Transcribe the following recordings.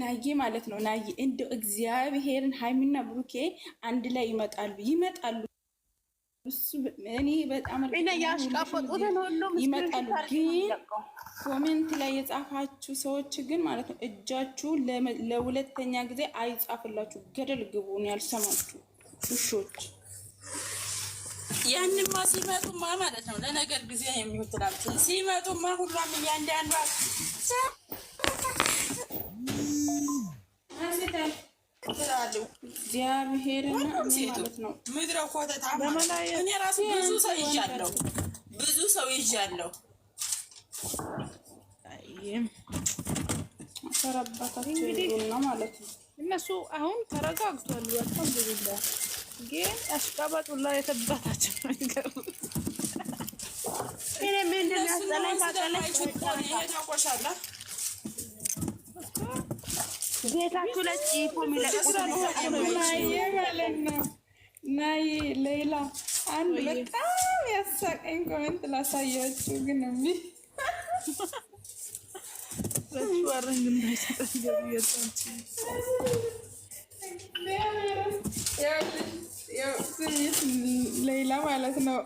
ናዬ ማለት ነው። ናዬ እንደው እግዚአብሔርን ሀይሚና ብሩኬ አንድ ላይ ይመጣሉ ይመጣሉ። እኔ በጣም ይመጣሉ። ግን ኮሜንት ላይ የጻፋችሁ ሰዎች ግን ማለት ነው እጃችሁ ለሁለተኛ ጊዜ አይጻፍላችሁ፣ ገደል ግቡን ያልሰማችሁ ውሾች። ያንማ ሲመጡማ ማለት ነው ለነገር ጊዜ የሚውትላችሁ ሲመጡማ ሁሏም እያንዳንዷ ምድረ ኮተት እኔ ራሱ ብዙ ሰው ይዣለሁ፣ ብዙ ሰው ይዣለሁ። እነሱ አሁን ተረጋግቷል። ግን የተባታቸው ቤታችሁ ላይ ጽፎ የሚለቁት ናይ ሌላ አንድ በጣም ያሳቀኝ ኮሜንት ላሳያችሁ ግን እምቢ ሌላ ማለት ነው።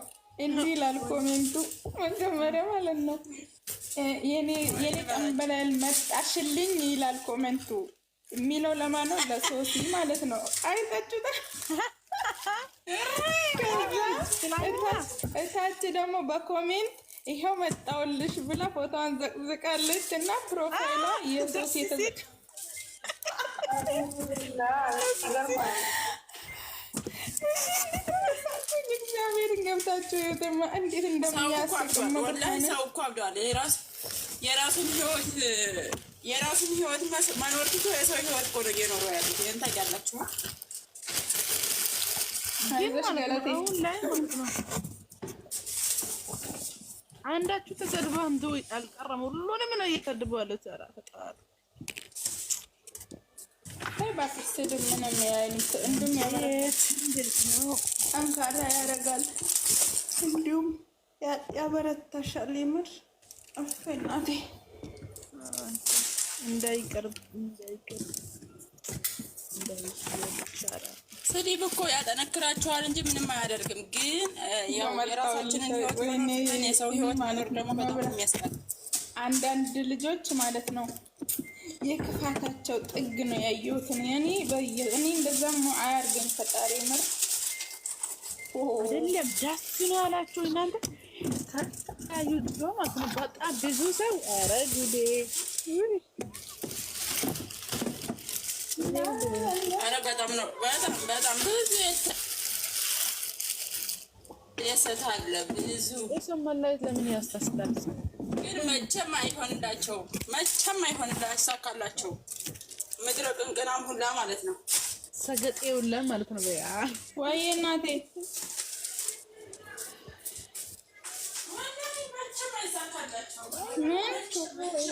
እንዲህ ይላል ኮሜንቱ መጀመሪያ ማለት ነው። የኔ ጠንበለል መጣሽልኝ ይላል ኮሜንቱ የሚለው ለማን ነው? ለሶሲ ማለት ነው። አይታችሁታ። እታች ደግሞ በኮሜንት ይኸው መጣውልሽ ብላ ፎቶዋን ዘቅዝቃለች እና ፕሮፋይሏ የሶሲ የተዘቅ ገብታችሁ ይኸውትማ እንዴት እንደሚያስቅ ሰው እኮ አብደዋል። የራሱን ህይወት የራሱን ህይወት መኖር ትቶ የሰው ህይወት ቆዶ እየኖሩ ያሉት ይህን ታውቂያላችሁ። አንዳችሁ ተሰድበህ እንትን አልቀረም፣ ሁሉንም ነው እየሰድቡ ያሉት። ኧረ ፈጣሪ ጠንካራ ያደርጋል፣ እንዲሁም ያበረታሻል። የምር እፍ እናቴ እንዳይቀርብ ስድብ እኮ ያጠነክራቸዋል እንጂ ምንም አያደርግም። ግን የራሳችንን ህይወት የሰው ህይወት ማኖር ደግሞ በጣም የሚያስጠላ አንዳንድ ልጆች ማለት ነው የክፋታቸው ጥግ ነው ያየሁትን። እኔ እኔ እንደዛም አያርገኝ ፈጣሪ ምር አይደለም ዳስ ነው ያላችሁ እናንተ ታዩ ዶ ማለት ነው በጣም ብዙ ሰው አረጉዴ ኧረ በጣም ነው በጣም በጣም ብዙ የሰት አለ ብዙ የሰው መለየት ለምን ያስታስላል? ግን መቼም አይሆንላቸው መቼም አይሆንላቸው ሳካላቸው ምድረ ቅንቅናም ሁላ ማለት ነው ሰገጤ ሁላ ማለት ነው። በያ ወይ እናቴ ምን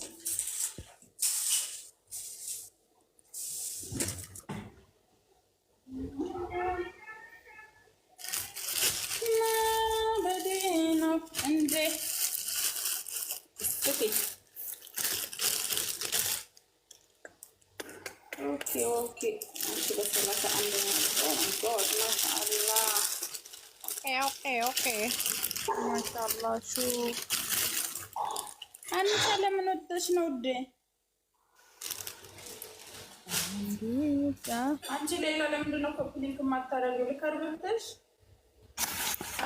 ማሻአላ ሹ ለምን ወጥተሽ ነው ውዴ? አንቺ ሌላ ለምንድን ነው ኮፕሊንግ የማታደርጊው? ልከርብብሽ?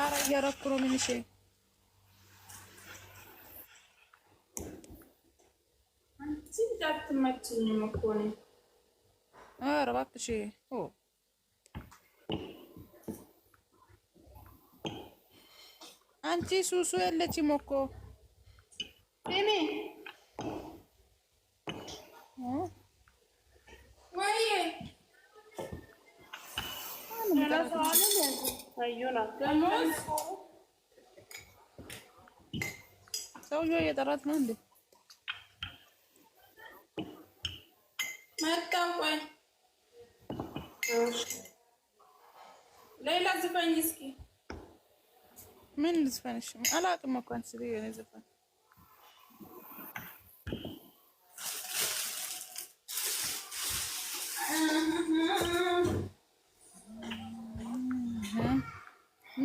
ኧረ እያደረኩ ነው። ምንሽ አንቺ አንቺ ሱሱ የለችም እኮ እኔ ሰውዬው እየጠራት ነው እንዴ? መጣሁ። ቆይ ሌላ ዝፈኝ እስኪ ምን ልዝፈንሽ? አላውቅም እኮ አንቺ ስለ የኔ ዘፈን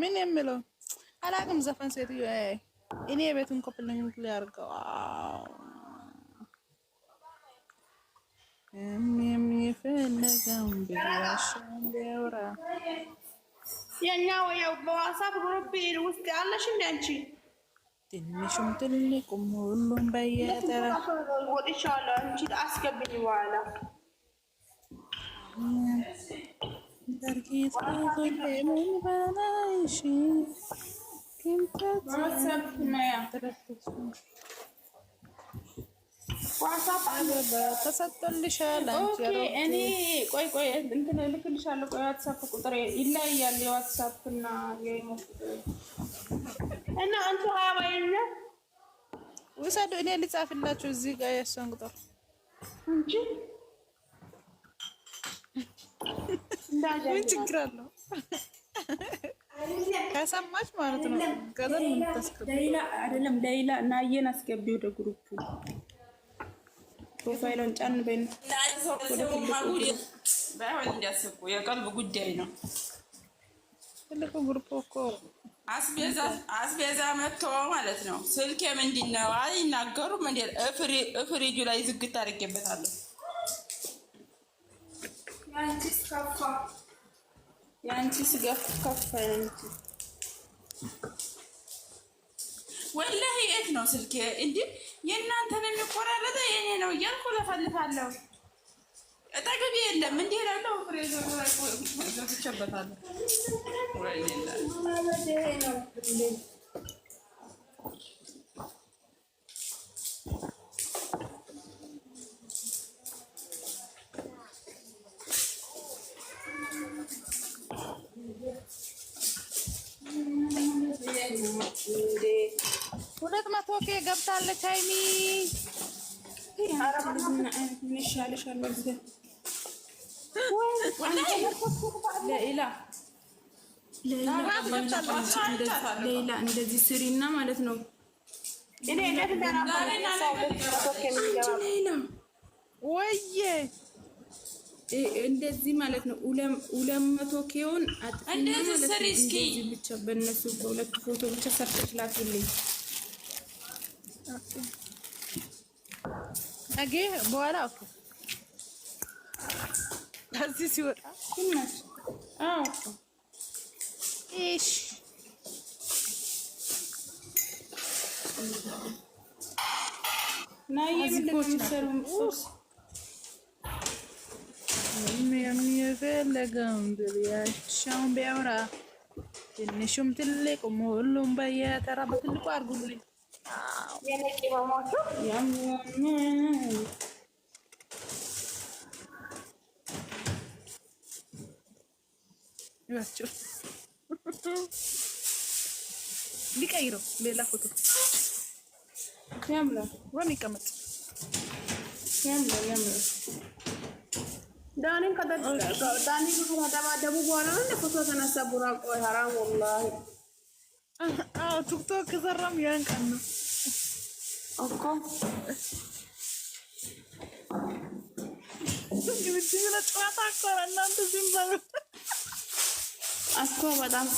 ምን የምለው አላቅም ዘፈን ሴትዮ እኔ የቤቱን ኮፕል ነኝ የሚፈለገውን ብያሽ ቢያወራ የኛ ወያው በዋሳብ ግሩፕ ውስጥ ያለሽ እንደ አንቺ ትንሹም ትልቁም ሁሉም በየተራ ወጥቻለሁ። አንቺ አስገብኝ በኋላ በላይሽ ተሰጥቶልሻል። እኔ ቆይ ቆይ እንትን እልክልሻለሁ። ቆይ ዋትሳፕ ቁጥር ይለያል። የዋትሳፕ እና እና አንቺ ሀባይነ ውሰዱ። እኔ ልጻፍላችሁ እዚህ ጋር የእሷን ቁጥር እንጂ ምን ችግር አለው? ከሰማች ማለት ነው። ከዛ ምን ታስገቢ? ሌላ አይደለም ሌላ ናየን አስገቢው ወደ ግሩፕ ፕሮፋይሏን ጫን በይን። ባይሆን እንዲያስቁ የቀልብ ጉዳይ ነው። ትልቁ ግሩፕ እኮ አስቤዛ መጥቶ ማለት ነው። ስልኬ ምንድን ነው አይናገሩም። እንደ ላይ ዝግት አድርጌበታለሁ። የአንቺስ ከፋ፣ ወላሂ የት ነው ስልኬ እንዲህ የእናንተን የሚቆራረጠ የኔ ነው እያልኩ ለፈልፋለሁ። ጠቅም የለም እንዲህ እላለሁ። ፍሬዘር ኦኬ ገብታለች። ሀይሚ ሌላ እንደዚህ ስሪና ማለት ነው። ወዬ እንደዚህ ማለት ነው። ሁለት መቶ ኬውን አጥና ብቻ በእነሱ በሁለቱ ፎቶ ብቻ ሰርተሽ ላኪልኝ። ነገ በኋላ ኦኬ። ከዚህ ሲወጣ እሺ ናዬ የሚፈለገውን ብያቸውን ቢያወራ ትንሹም ትልቁም ሁሉም በየተራ በትልቁ አድርጉልኝ። ሊቀይረው ሌላ ፎቶ ያምራል። ወን ይቀመጥ ያምራል፣ ያምራል። ዳኒን ከዳኒ ብዙ በኋላ ነው ፎቶ ተነሳ። ቡራ ቆይ ሀራም ወላሂ ቲክቶክ ከሰራም ያን ቀን ነው Komm. Gibi tümüne tuhaf haklarından tüm zarı. Asko badam.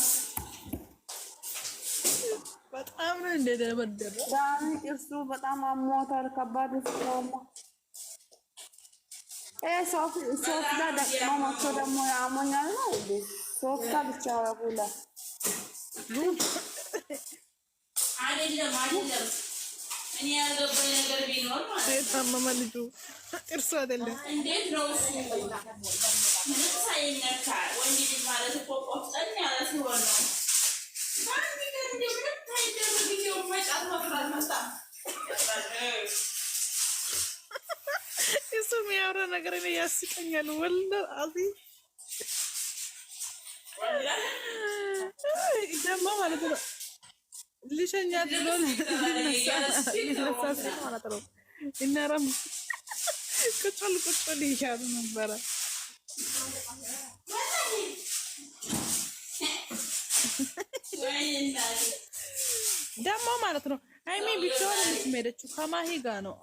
በጣም ነው እንደደበደበ እሱ በጣም አሟታል። ከባድ ስማ ሶፍ ጋር ደቅሞ መቶ ደግሞ አሞኛል ነው እ ሶፍ ጋር ብቻ ሁላ አይደለም አይደለም እኔ የታመመ ልጁ እርሱ አይደለም። እንዴት ነው እሱ ምንም ሳይነካ ወንድ ልጅ ማለት እኮ ቆፍጠን ያለ ሲሆን ነው። እሱ የሚያወራ ነገር እኔ ያስቀኛል። ወላ አዚ ደግሞ ማለት ነው ልሸኛ ብሎ ማለት ነው። እናረም ቁጭል ቁጭል እያሉ ነበረ። ደግሞ ማለት ነው ሃይሚ ብቻዋን የምትሄደችው ከማሂ ጋ ነው።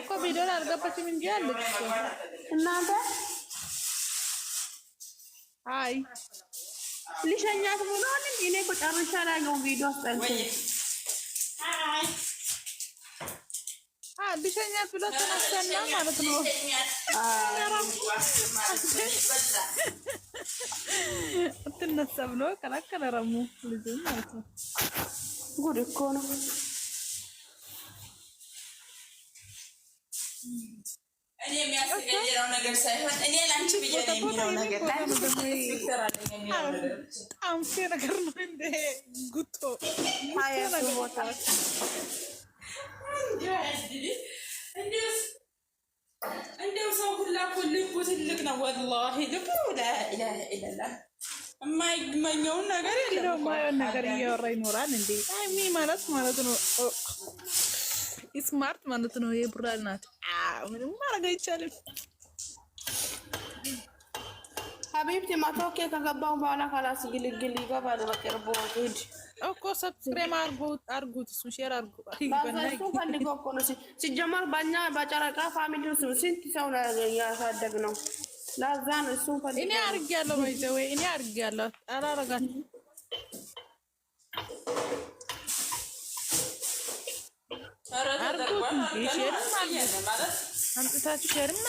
እኮ ቪዲዮን አልገባችም እንጂ አለች እናንተ አይ ልሸኛት ብሏል። እኔ እኮ ጨርሼ አላየሁም። ቪዲዮ አስጠልቶኝ ልሸኛት ብሎ ተነሰና ማለት ነው። አትነሳ ብሎ ከላከለ ረሙ ልጁ ማለት ነው። ጉድ እኮ ነው። እኔ ነገር ሳይሆን እኔ ላንቺ ብዬ ነው የሚለው ነገር ጣንፌ ነገር ነው እንደ ጉቶ እንደው ሰው ሁላ እኮ ልቡ ትልቅ ነው። ወላሂ ልቡ የማይመኘውን ነገር የለም። ነገር እያወራ ይኖራል እንዴ? ሚ ማለት ማለት ነው ስማርት ማለት ነው። ይሄ የቡራ ናት። ምንም ማድረግ አይቻልም። ሀቢብቲ ማታወቂያ ከገባሁ በኋላ ካላስ ግልግል ይገባል። በቅርቡ ሂድ እኮ ሰብስክራይብ አርጉት፣ እሱ ሼር አርጉ። እሱ ፈልጎ እኮ ነው ሲጀመር። በኛ በጨረቃ ፋሚሊ ውስጥ ስንት ሰው ያሳደግ ነው። ለዛ ነው እሱ ፈልጎ እኔ አርግ ያለው ወይ እኔ አርግ ያለው አላረጋት አምጥታችሁ ሸርም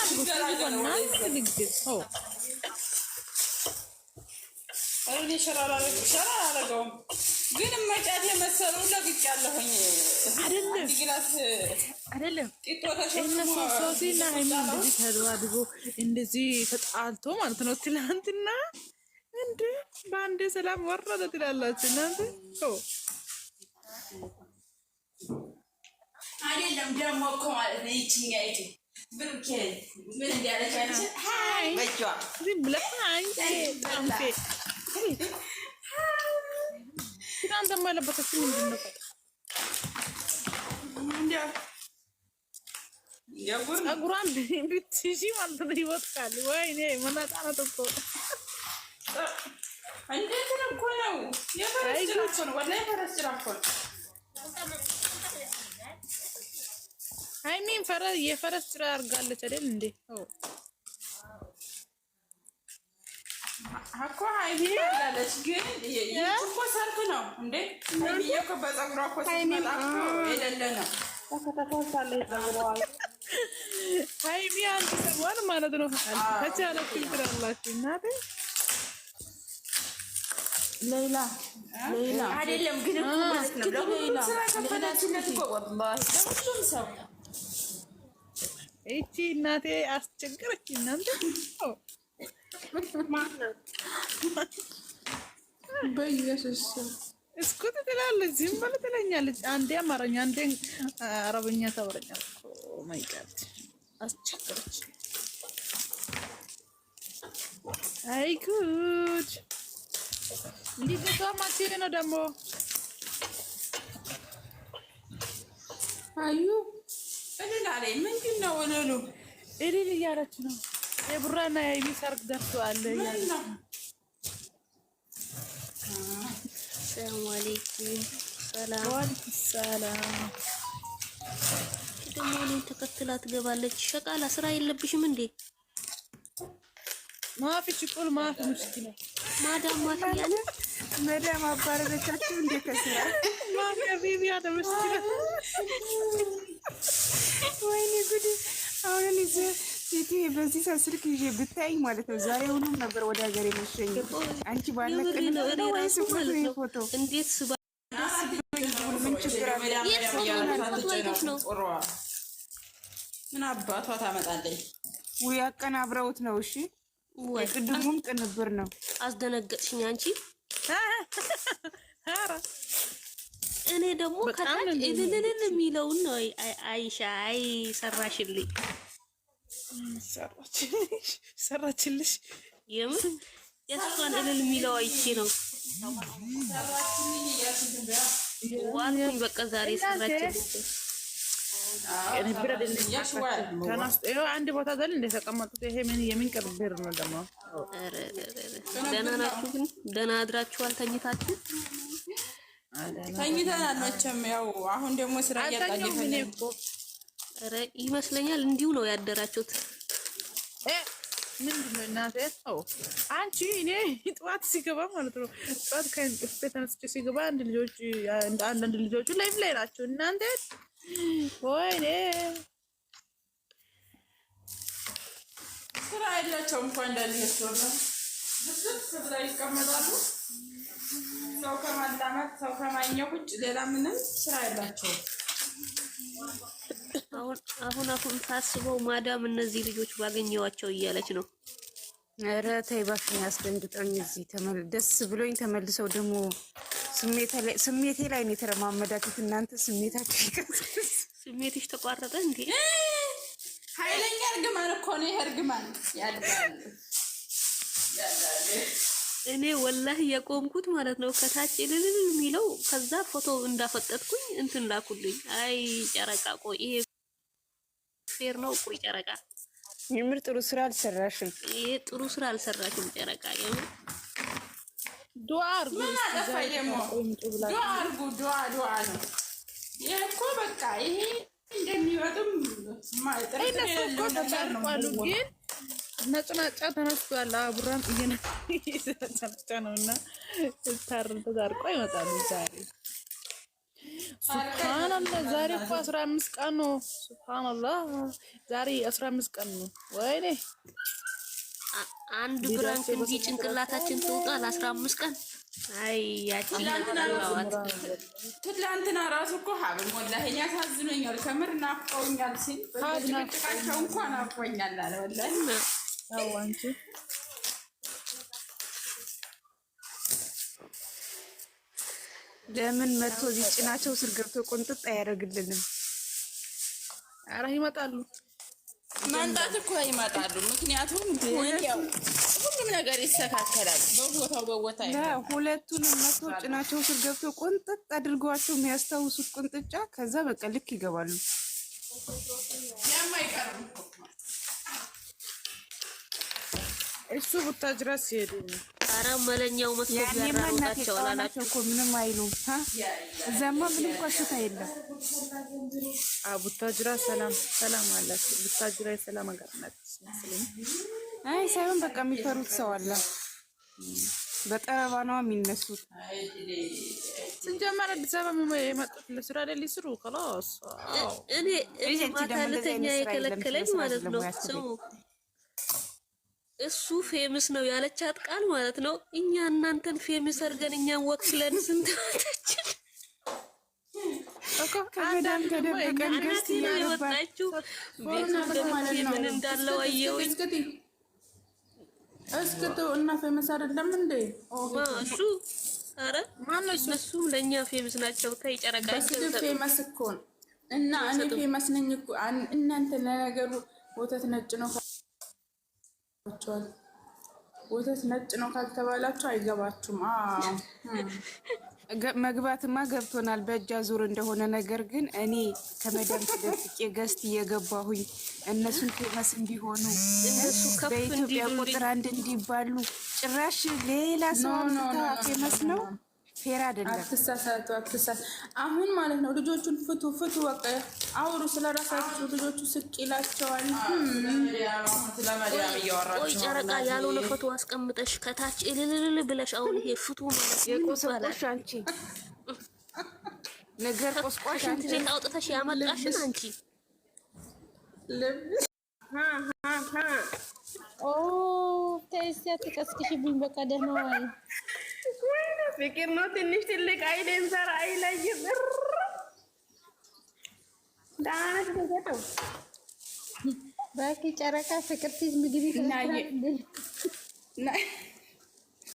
አድርጉት። ግን መጫት የመሰሉ ለግጭ ያለሁኝ አይደለም። እነሱ እንደዚህ ተደባድቦ እንደዚህ ተጣልቶ ማለት ነው። ትላንትና እንደ በአንዴ ሰላም ወረደ ትላላችሁ እናንተ አይደለም ደግሞ እኮ ማለት ነው ይችኛይቱ ብሩኬ ምን እንዲያለቻች በጇ ይወጥቃል። ሀይሚን ፈረስ የፈረስ ጭራ አድርጋለች አይደል እንዴ? እኮ ሀይሚ አድርጋለች፣ ግን እኮ ሰርግ ነው እንዴ? እኮ በፀጉሯ እኮ የሌለ ነው ሀይሚ አንድ ማለት ነው ትላላችሁ ሌላ ሌላ አይደለም ግን እኮ ማለት ነው ለሁሉም ስራ ከፈለችለት እኮ ለሁሉም ሰው ይቺ እናቴ አስቸገረች። እናንተ እስኩት ትላለች፣ ዝም በል ትለኛለች። አንዴ አማርኛ አንዴ አረብኛ ታወራኛለች። ማይቀር አስቸገረች። አይ ጉድ! ነው ደግሞ አዩ እልል ምንድን ነው እልሉ? እልል እያለች ነው። የቡራና የሚሰርግ ደርሰዋል። ሰላም አለይኩም። ሰላም ደግሞ እኔን ተከትላ ትገባለች። ሸቃላ ስራ የለብሽም እንዴ? ማፊ ሽቁል ማፊ ሙሽኪና ማዳም ማፊ ያለ መዳም አባረረቻችሁ እንዴ? ከስራ ማፊ ቢቢያ ደምሽኪና ወይኔ ጉድ! አሁን እኔ ሴቴ በዚህ ሰዓት ስልክ ይዤ ብታይ ማለት ነው። ዛሬ ሁሉም ነበር ወደ ሀገር የመሸኝ አንቺ ባለቀንፎቶ እንዴት ምን አባቷ ታመጣለኝ? ውይ አቀናብረውት ነው። እሺ ቅድሙም ቅንብር ነው። አስደነገጥሽኝ አንቺ እኔ ደግሞ ከታች እልልልል የሚለውን ነው። አይሻ አይ ሰራሽልኝ፣ ሰራችልሽ። የምር የእሷን እልል የሚለው አይቼ ነው ዋልኩኝ። በቃ ዛሬ ሰራችልኝ። አንድ ቦታ ዘል እንደተቀመጡት ይሄ ምን የሚንቅር ብር ነው ደግሞ። ደህና ናችሁ ግን? ደህና አድራችኋል ተኝታችሁ? ተኝተናል መቼም ያው አሁን ደግሞ ስራ እያጣለፈን ኧረ ይመስለኛል እንዲሁ ነው ያደራችሁት ምንድን ነው እናቴ አንቺ እኔ ጠዋት ሲገባ ማለት ነው ጠዋት ከእንቅልፌ ተነስቼ ሲገባ አንድ ልጆች አንዳንድ ልጆቹ ላይፍ ላይ ናቸው እናንተ ወይኔ ስራ የላቸውም እንኳ እንዳልነቸው ብላ ይቀመጣሉ ሰው ከማላመጥ ሰው ከማኘው ውጭ ሌላ ምንም ስራ የላቸውም። አሁን አሁን ታስበው ማዳም እነዚህ ልጆች ባገኘዋቸው እያለች ነው። ኧረ ተይ እባክሽን፣ ያስደንግጠኝ እዚህ ደስ ብሎኝ ተመልሰው ደግሞ ስሜቴ ላይ ነው የተረማመዳችሁት እናንተ። ስሜታችሁ ስሜትሽ ተቋረጠ እንዴ? ኃይለኛ እርግማን እኮ ነው ይሄ እርግማን ያለ እኔ ወላህ የቆምኩት ማለት ነው ከታች ልልል የሚለው ከዛ ፎቶ እንዳፈጠጥኩኝ እንትን ላኩልኝ። አይ ጨረቃ ቆ ይሄ ፌር ነው። ቆይ ጨረቃ የምር ጥሩ ስራ አልሰራሽም። ይሄ ጥሩ ስራ አልሰራሽም ጨረቃ የምር ዱዓ አርጉ። ዱዓ አርጉ። ዱዓ ዱዓ ነው። ይሄ እኮ በቃ ይሄ እንደሚወጡም ማጥራት ነው ግን ነጭናጫ ተነስቷል። አቡራም እየነጫ ነው እና ታርን ተዛርቆ ይመጣሉ ዛሬ። ሱብሃንአላህ ዛሬ እኮ አስራ አምስት ቀን ነው። ሱብሃንአላህ ዛሬ አስራ አምስት ቀን ነው። ወይኔ አንድ ብራንች እንጂ ጭንቅላታችን ትውጣል። አስራ አምስት ቀን ትላንትና ራሱ እኮ ሀብም ወላሂ አሳዝኖኛል። ከምር ናፍቀውኛል ሲል በጭቅጭቃቸው እንኳን አፍቆኛል አለ ወላሂ አዎ oh, ለምን መጥቶ እዚህ ጭናቸው ስር ገብቶ ቁንጥጥ አያደርግልንም? አረ ይመጣሉ። ማንጣት እኮ ይመጣሉ። ምክንያቱም ያው ሁሉም ነገር ይስተካከላል በቦታው በቦታ ሁለቱንም መቶ ጭናቸው ስር ገብቶ ቁንጥጥ አድርገዋቸው የሚያስታውሱት ቁንጥጫ ከዛ በቃ ልክ ይገባሉ። እሱ ቡታጅራ ሲሄዱ ነው። መለኛው መስኮት ምንም አይሉም። እዛማ ምንም ቆሽታ የለም። ቡታጅራ ሰላም ሰላም አላችሁ። ቡታጅራ የሰላም ሀገር ናት። አይ ሳይሆን በቃ የሚፈሩት ሰው አለ። በጠረባ ነው የሚነሱት። ስንጀመር አዲስ አበባ የመጡት ለስራ ላይ ሊስሩ ከላስ እኔ ማታ ልተኛ የከለከለኝ ማለት ነው። እሱ ፌምስ ነው ያለቻት ቃል ማለት ነው። እኛ እናንተን ፌምስ አድርገን እኛን ወክለን ስንት እስክቶ እና ፌምስ እንዴ እሱ? ለእኛ ፌምስ ናቸው። ፌመስ እኮ እና እኔ ፌመስ ነኝ እኮ እናንተ ለነገሩ ወተት ነጭ ነው ይገባቸዋል። ወተት ነጭ ነው ካልተባላችሁ አይገባችሁም። መግባትማ ገብቶናል በእጅ አዙር እንደሆነ ነገር ግን እኔ ከመደም ተደብቄ ገዝት እየገባሁኝ እነሱን ፌመስ እንዲሆኑ በኢትዮጵያ ቁጥር አንድ እንዲባሉ ጭራሽ ሌላ ሰው ፌመስ ነው ፌር አይደለም። አትሳሳቱ፣ አትሳሳቱ። አሁን ማለት ነው ልጆቹን ፍቱ፣ ፍቱ፣ በቃ አውሩ ስለ ራሳችሁ። ልጆቹ ስቅ ይላቸዋል። ቆይ ጨረቃ ያልሆነ ፎቶ አስቀምጠሽ ከታች እልልልል ብለሽ አሁን ይሄ ፍቱ ማለት የቆሰቆሽ አንቺ ነገር ቆስቋሽ ሽንት ቤት አውጥተሽ ያመጣሽን አንቺ እስኪ አትቀስቅሽብኝ። በቃ ደህና ዋይ። ፍቅር ነው ትንሽ ትልቅ አይደንሰር አይለይም። እባክህ ጨረቃ ፍቅር ትይዝ ምግቢ